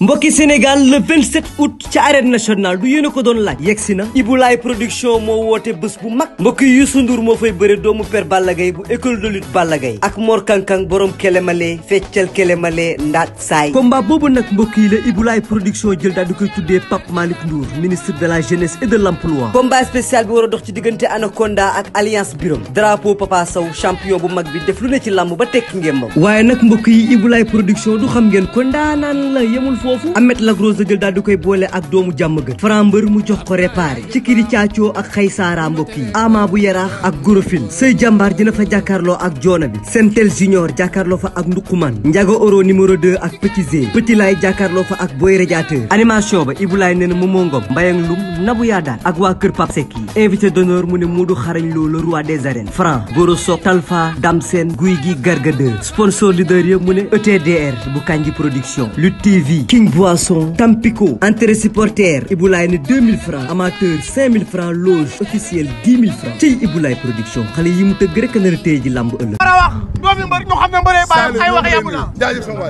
mbokki Sénégal le 27 août ca arène nationale du yéen a ko doon laaj yegg si na Ibulaay production moo woote bés bu mag mbokki Youssou Ndour moo fay bëre doomu per Balla Gaye bu école de lutte Balla Gaye ak Mor Kankang borom kelemale feccal kelemale ndaat saay combat boobu nag mbokk yi la Ibulaay production jël daal di koy tuddee Pape Malick Ndour ministre de la jeunesse et de l'emploi combat spécial bi war a dox ci diggante Anaconda ak alliance Birom drapeau Papa Sow champion bu mag bi def lu ne ci làmb ba tekki ngémbam waaye nag mbokk yi Ibulaay production du xam ngeen foofu Amet Lac Rose la jël daal di koy boole ak doomu jàmm gën Franc mbër mu jox ko réparé ci kiri caacoo ak xëy saara mbokk yi ama bu yaraax ak gorofil sëy jàmbaar dina fa jàkkaarloo ak joona bi sentel junior jàkkaarloo fa ak nduquman njaga oro numéro 2 ak petit zé petit laay jàkkaarloo fa ak boy radiateur animation ba ibulaay nee na moomoo ngom mbayang lum nabu yaa daan ak waa kër Pape Seck yi invité d'honneur mu ne Modou xarañ Lo le roi des arènes Franc Goro Sok Talfa Damsen guy gi gargadeur sponsor leader yëpp mu ne ETDR bu production Lutte King Boisson Tampico entrée supporter Iboulaye ne 2000 francs amateur 5000 francs loge officielle 10 000 francs tey Iboulaye production xale yi mu tëgg rek na tey ji lamb ëllëg war a wax doomi mbër ñu xam ne mbëree bàyyi ay wax yàgg na jaajëf sama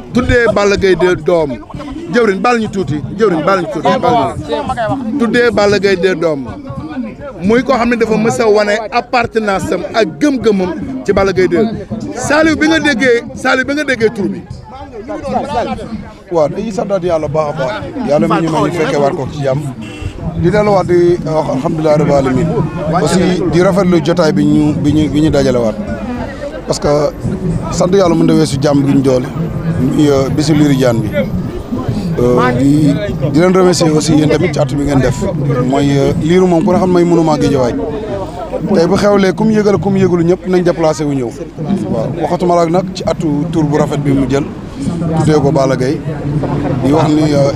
waay tuddee Balla de doom jëwriñ bala ñu tuuti jëwriñ baal ñu tuuti baal ñu tuddee Balla muy koo xam ne dafa mës a wane appartenance am ak gëm-gëmam ci Balla Gaye de Saliou bi nga déggee Saliou bi nga déggee tur bi. waaw dañuy santaat yàlla baax a baax yàlla mi ñu fekkee war ci jàmm di delluwaat di wax oh, alhamdulilah di rafetlu jotaay bi ñu bi ñu bi ñu dajalewaat parce que sant yàlla mën na weesu jàmm gi ñu doole euh, bisu bi. di euh, di leen remercier aussi yéen tamit ci at mi ngeen def mooy euh, liiru moom ku ne xam may mënuma Géejawaay tey bu xewlee ku mu yëgal ku mu yëgalu ñëpp nañ déplacé wu ñëw waaw waxatuma la nag ci atu tour bu rafet bi mu jël tuddee ko Balla Gaye di wax ni euh,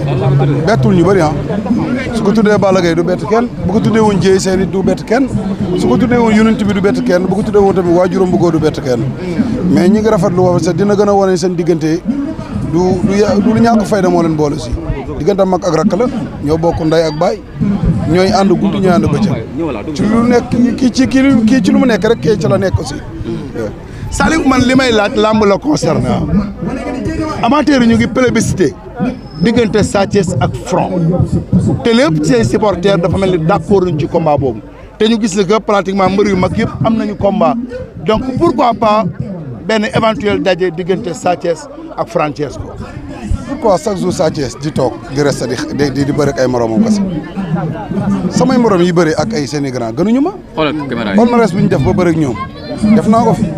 bettul ñu bëri ah su ko tuddee Balla Gaye du bett kenn bu ko tuddee woon jéey seen it du bett kenn su ko tuddee woon yonent bi du bett kenn bu ko tuddee woon tamit waajuram bu góor du bett kenn mais ñi ngi rafetlu wax sax dina gën a wane seen diggante du du lu ñàkk fayda moo leen boole si diggante mag ak rakk la ñoo bokk nday ak baay ñooy ànd guddi ñooy ànd bëccëg ci lu nekk kii ci kii ci lu mu nekk rek kii ci la nekk aussi. Saliou man li may laaj làmb la concerné ah. amateur yi ñu ngi plébiscité diggante Sa Thiès ak Franc te lépp ci ay supporters dafa mel ni d'accord nañ ci combat boobu te ñu gis ne que pratiquement mbër yu ma yëpp am nañu combat donc pourquoi pas. benn éventuel daje diggante Sa Thiès ak Franc Tiesco. pourquoi chaque jour Sa Thiès di toog di resta di di di bëri ak ay moromam kese samay morom yi bëri ak ay seen i grand ma. xoolal caméra yi palmarès bi ñu def ba bëri ak ñoom def naa ko fi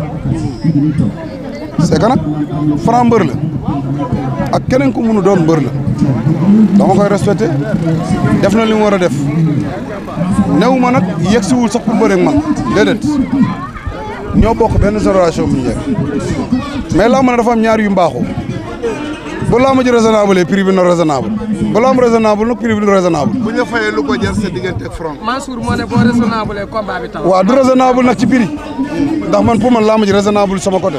c'est que ak keneen ku mënu doon mbër la dama koy respecté def na li mu war a def néew ma nag yegsiwul sax pour bëri ak man ñoo bokk benn génération bu ñu yegg mais làmb na dafa am ñaar yu mbaaxu bu làmb ji raisonnable prix bi na raisonnable bu làmb raisonnable nag prix bi du raisonnable. bu bi taxaw. du raisonnable nag ci prix ndax man pour man làmb ji raisonnable sama côté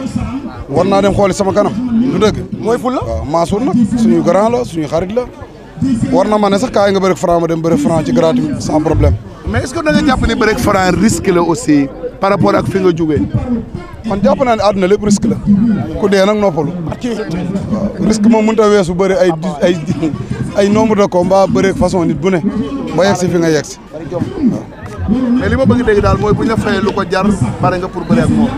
war naa dem xooli sama kanam. du dëgg mooy ful la waaw Mansour nag suñu grand la suñu xarit la. war na ma ne sax kaay nga bëri franc ma dem bëri franc ci gratuit sans problème. par rapport ak fi nga jógee kon jàpp naa ne àdduna lépp risque la ku dee nag noppalu waaw moom mënut a weesu bëri ay ay ay nombre de combat bëri façon nit bu ne fi nga yegg si waaw mais li ma bëgg dégg daal mooy bu ñu la fayee lu ko jar pare nga pour bëri ak moom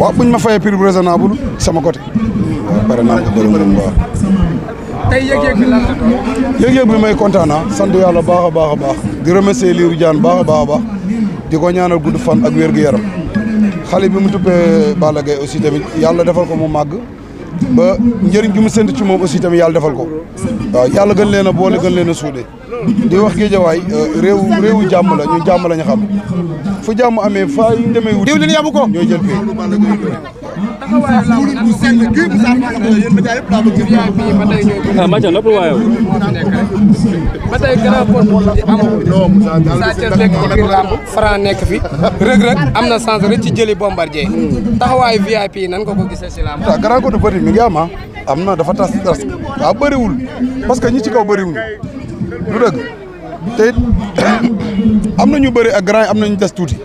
waaw bu ma fayee prix bu raisonnable sama côté pare naa ko bëri moom waaw tey yëg-yëg bi may kontaan ah, sant yàlla baax a a baax di remercier di ko ñaanal gudd fan ak wér gu yaram xale bi mu tuppee Balla Gaye aussi tamit yàlla defal ko mu màgg ba njëriñ gi mu sént ci moom aussi tamit yàlla defal ko waaw yàlla gën leen a boole gën leen a suude di wax géejawaay réew réewu jàmm la ñun jàmm la ñu xam fu jàmm amee faa yu ñu demee wut. diw leen yabu ko ñooy jël fii. ah Mathia noppal waa yow. ba tey grand port amagul. Franc nekk fi. rëg-rëg am na sens rek ci jëli bombardier. taxawaayu VIP nan nga ko gisee si làmb. waaw grand côté bëri bi am am na dafa tas tas waaw bëriwul parce que ñi ci kaw bëriwul lu dëgg te am na ñu bëri ak am na ñu des tuuti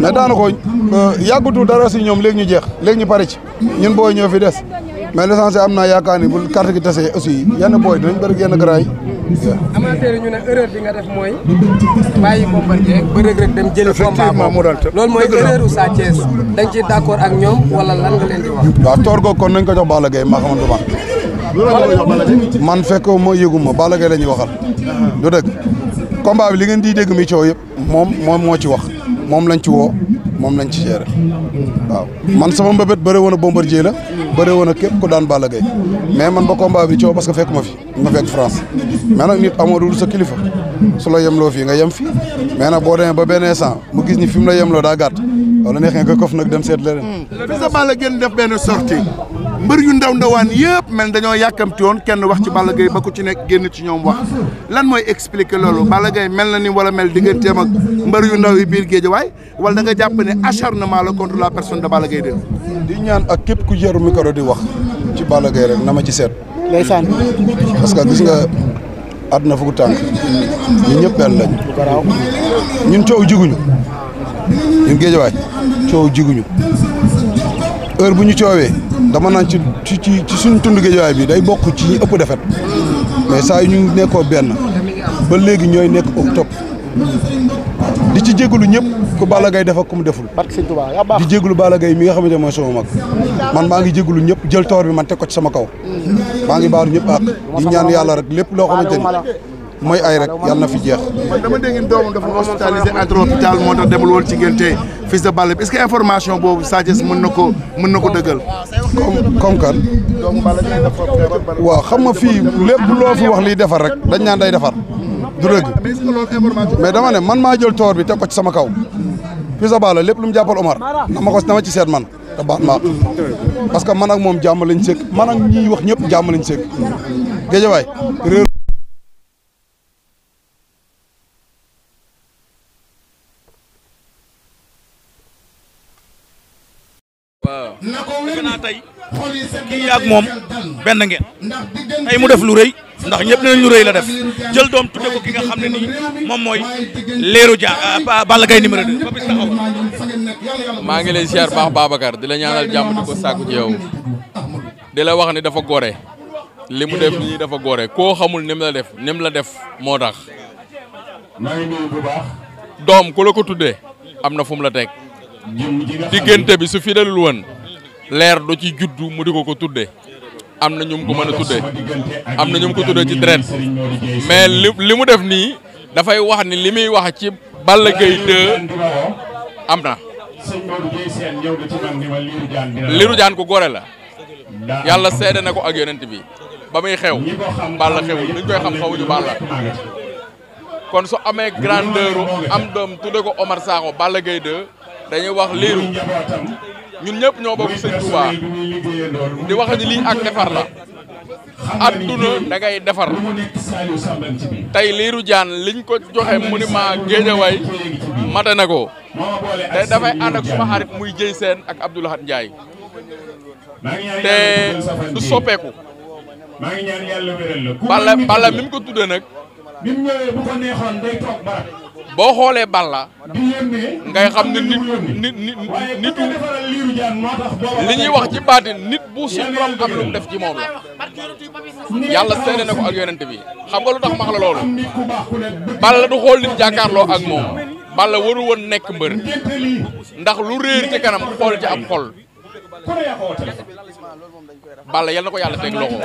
mais daanaka euh, yàggutul dara si ñoom léegi ñu jeex léegi ñu pare ci ñun booy ñoo fi des. mais l'essentiel am naa yaakaar ni bu carte gi tasee aussi yenn booy dinañ bëri yenn garaay. amateur yi ñu ne erreur bi nga def mooy bàyyi Bombardier ba Reug Reug dem jëli combat moo daal loolu mooy erreur u Sa Thiès dañ ciy ak ñoom wala lan nga leen di wax. waaw toor googu kon nañ ko jox Balla Gaye maa xamante man. loolu man fekk ma yëgu ma Balla Gaye la ñuy waxal. du dëgg combat bi li ngeen di dégg mi coow yëpp moom moom moo ci wax moom lañ ci woo moom lañ ci gérer waaw man sama mbëbët bëre woon a la. bëre woon ak képp ku daan Balla Gaye mais man ba combat bi coow parce que fekk ma fi ma fekk France mais nag nit amoo dul sa kilifa su la yemloo fii nga yem fi mais nag boo demee ba benn instant mu gis ni fi mu la yemloo daa gàtt wala neex nga kof nag dem seet leneen. Fils de Balla génn def benn sortie mbër yu ndaw ndawaan yëpp mel dañoo yàkkamti woon kenn wax ci Balla Gaye ba ci nekk génn ci ñoom wax lan mooy expliquer loolu Balla Gaye mel na ni war a mel digganteem ak mbër yu ndaw yi biir Guédiawaye wala da nga jàpp ne acharnement la contre la personne de Balla Gaye de di ñaan ak képp ku jëru micro di wax ci Balla Gaye rek na ma ci seet ndeysaan parce que gis nga àdduna fu ko tànk ñëpp benn lañ ñun coow jiguñu ñun Guédiawaye coow jiguñu heure bu ñu coowee dama naan ci ci ci suñu tund géejawaay bi day bokku ci ñi ëpp defet mais saa yu ñu nekkoo benn ba léegi ñooy nekk au top di ci jégalu ñëpp ku Balla Gaye def ak ku mu deful. di jégalu Balla Gaye mi nga xam ne mooy sama mag man maa ngi jégalu ñëpp jël toor bi man teg ko ci sama kaw. maa ngi baalu ñëpp àq. di ñaan yàlla rek lépp loo xamante ni. mooy ay rek yàlla na fi jeex. man dama dégg ni doomam dafa hospitalisé entre hôpital moo tax demul woon ci ngénte fils de Balla bi est-ce que information boobu Sadio mën na ko mën na ko dëggal. comme comme kan. waaw xam nga fii lépp loo fi wax liy defar rek dañ naan day defar. du dëgg ah, mais dama ne man maa jël toor bi teg ko ci sama kaw. fils de Balla lépp lu mu jàppal Omar na ma ko na ma ci seet man. te baax naa parce que man ak moom jàmm lañ sekk man ak ñuy wax ñëpp jàmm lañ sekk géejawaay réer kii ak moom benn ngeen tey mu def lu rëy ndax ñëpp nañ lu rëy la def jël doom tudde ko ki nga xam ne nii moom mooy Lirou Dia ah, Balla maa ngi lay ziar baax Babacar di la ñaanal jàmm di ko sàkku ci di la wax ne dafa gore li mu def nii dafa gore koo xamul ni la def ni la def moo tax maa ngi doom ku la ko tuddee am na fu la teg diggante bi su fi dalul woon leer du ci judd mu di ko ko tuddee am na ñu ko mën a tuddee am na ñu ko tuddee ci deret mais li li mu def nii dafay wax ni li muy wax ci Balla Gaye 2 am na li jaan ko gore la yàlla seede na ko ak yonent bi ba muy xew Balla xew li ñu koy xam xawuñu Balla kon su amee grandeur am doom tudde ko Omar Sakho Balla Gaye dañuy wax liiru ñun ñëpp ñoo bokk sëñ Touba di wax ni ak defar la adduna da ngay defar tey liiru jaan liñ ko joxe monument Géejawaay mate na ko te dafay ànd suma xarit muy jëy seen ak Abdoulahat Ndiaye te du soppeeku bala bala mi mu ko tuddee nag boo xoolee Balla ngay xam ne nit nit nitu li ñuy wax ci baatin nit bu suñu borom am lu def ci moom la yàlla seede na ko ak yonent bi xam nga lu tax max la loolu Balla du xool nit jàkkaarloo ak moom Balla waru woon nekk mbër ndax lu réer ci kanam xool ci ab xol Balla yal na ko yàlla teg loxo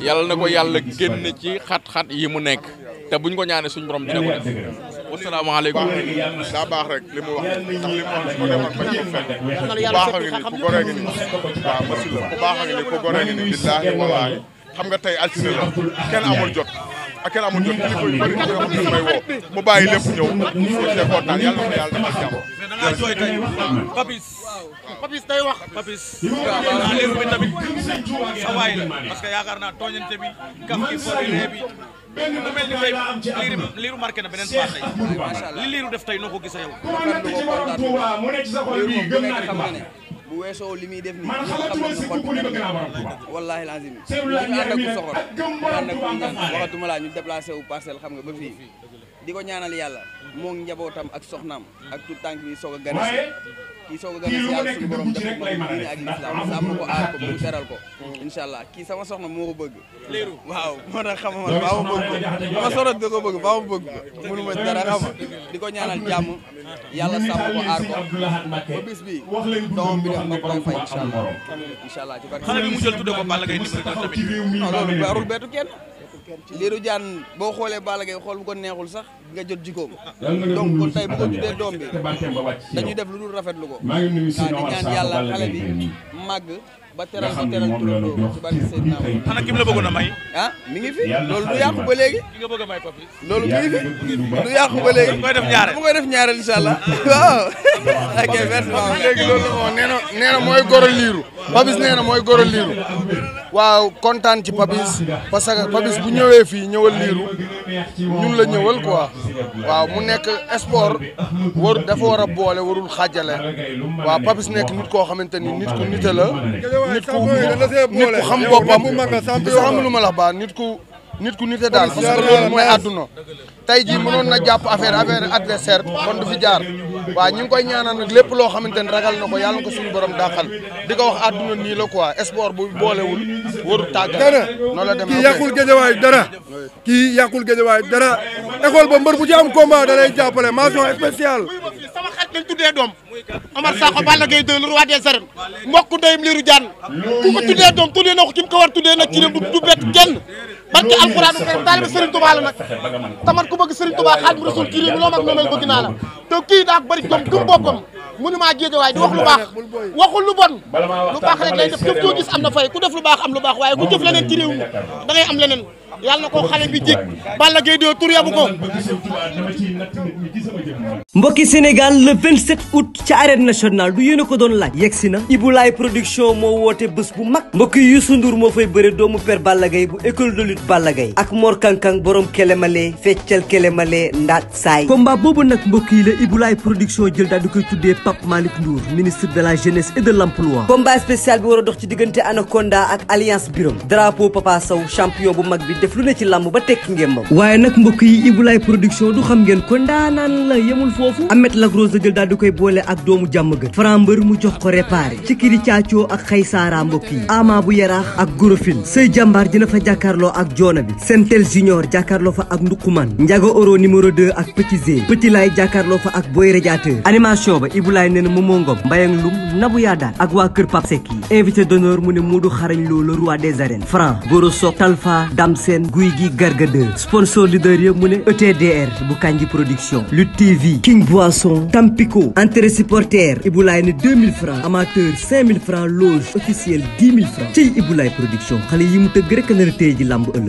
yal na ko yàlla génn ci xat-xat yi mu nekk te buñ ko ñaanee suñu borom dina ko def wasalaamaaleykum daa baax rek li mu wax ndax li mu wax ko demoon bañ ko fekk ku baax a ngi ni ku goree ni waaw masi la ku baax a ngi ni ku goree ni billaahi wallaahi xam nga tey altine la kenn amul jot ak kenn amul jot kilifa yu bëri yoo xam ne may woo mu bàyyi lépp ñëw mu cee kontaan yàlla na yàlla defal jàmm dangaa jooy tey Papis Papis day wax Papis waaw léew bi tamit sa waay la parce que yaakaar naa tooñante bi gaf gi foofu mu mel ni tey liiru liiru na beneen paas tey li liiru def tey noo ko gisee yow. bu weesoo li muy def nii man xalaatuma si kooku ni bëgg naa borom Touba wallaahi waxatuma laa ñu déplacé wu parcelle xam nga ba fii di ko ñaanal yàlla moo njabootam ak soxnaam ak tout tànk bi soog a gane kii soo ko gën a yàlla suñu borom def ko diine ak islam sàmm ko aar ko mu teral ko incha allah kii sama soxna moo ko bëgg waaw moo tax xam nga baa ma bëgg sama soxna da ko bëgg baa ma bëgg mënu ma dara xam nga di ko ñaanal jàmm yàlla sàmm ko aar ko ba bis bi doomam bi dem ba koy fay incha allah incha allah ci barke xale bi mu jël tudde ko Balla Gaye numéro 2 tamit non loolu warul bettu kenn liiru jaan boo xoolee Balla Gaye xool bu ko neexul sax nga jot jikkoom donc kon tey bu ko tuddee doom bi dañuy def lu dul rafetlu ko waaw di ñaan yàlla xale bi màgg ba teral ba teral turandoo ci barke Seydina ana kim a may ah, mi ngi loolu du yàqu ba léegi a loolu mi ngi du yàqu ba léegi mu koy def ñaareel mu def ñaareel incha allah waaw ok merci léegi loolu moo nee na nee na mooy goro liiru papis nee na mooy goro liiru waaw kontaan ci Papis parce que Papis bu ñëwee fii ñëwal liiru ñun la ñëwal quoi waaw mu nekk sport waru dafa war a boole warul xaajale waaw Papis nekk nit koo xamante ni nit ku nite la nit ku xam boppam xam lu ma la baa nit ku nit ku nite daal parce que loolu mooy àdduna tey na jàpp affaire affaire adversaire kon du fi jaar waaw ñu koy ñaanal lépp loo xamante ni ragal na ko yàlla na ko borom dàqal di ko wax àdduna nii la quoi sport bu boolewul waru tàggat. dara kii yàqul géejawaay dara kii yàqul géejawaay dara école ba mbër bu ci am combat da lay jàppale mention spéciale. sama xarit lañ tuddee doom Omar Sakho Balla Gaye 2 le roi des arènes mbokk ndeyam liiru jaan ku ko tuddee doom tuddee na ko ko war tuddee nag ci du bett barke alxuraanu karim taalibe Serigne Touba nag te man ku bëgg Serigne Touba Xaadimu Rasuul kii réew mi loo mag noo mel bëgg naa la te kii daa bëri jom gëm boppam mënu maa géejawaay di wax lu baax waxul lu bon lu baax rek lay def jëf joo gis am na ku def lu baax am lu baax waaye ku jëf leneen ci réew am leneen yàlla na ko xale bi jig Balla Gaye tur yabu ko mbokki Sénégal le 27 août ci arène nationale du yéen ko doon laaj yegsi na Ibulaay production moo woote bés bu mag mbokki Youssou Ndour moo fay bëre doomu père Balla Gaye bu école de lutte Balla Gaye ak Mor Kankang borom kelemale feccal kelemale ndaat saay combat boobu nag mbokk yi la Ibulaay production jël daal di koy tuddee Pape Malick Ndour ministre de la jeunesse et de l'emploi combat spécial bi war a dox ci diggante Anaconda def lu ne ci làmb ba tekki ngémbam waaye nag mbokk yi Ibulaay production du xam ngeen ko ndaanaan la yemul foofu Amet Lac Rose la jël daal di koy boole ak doomu jàmm gën Fra mbër mu jox ko réparé ci kiri caacoo ak xay saara mbokk yi ama bu yaraax ak gorofil sëy jàmbaar na fa jàkkaarloo ak joona bi sentel junior jàkkaarloo fa ak ndukuman njaga oro numéro 2 ak petit zé petit laay jàkkaarloo fa ak boy radiateur animation ba Ibulaay nee na momoo ngom mbayang lum nabu yaa ak waa kër Pape Seck yi mu ne Modou xarañ leen guy gi garga 2 sponsor leader yëpp mu ne ETDR bu Kanji production Lutte TV King Boisson Tampico entrée supporter Ibulaay ne 2000 francs amateur 5000 francs loge officielle 10 000 francs ci Ibulaay production xale yi mu tëgg rek na la tey làmb ëllëg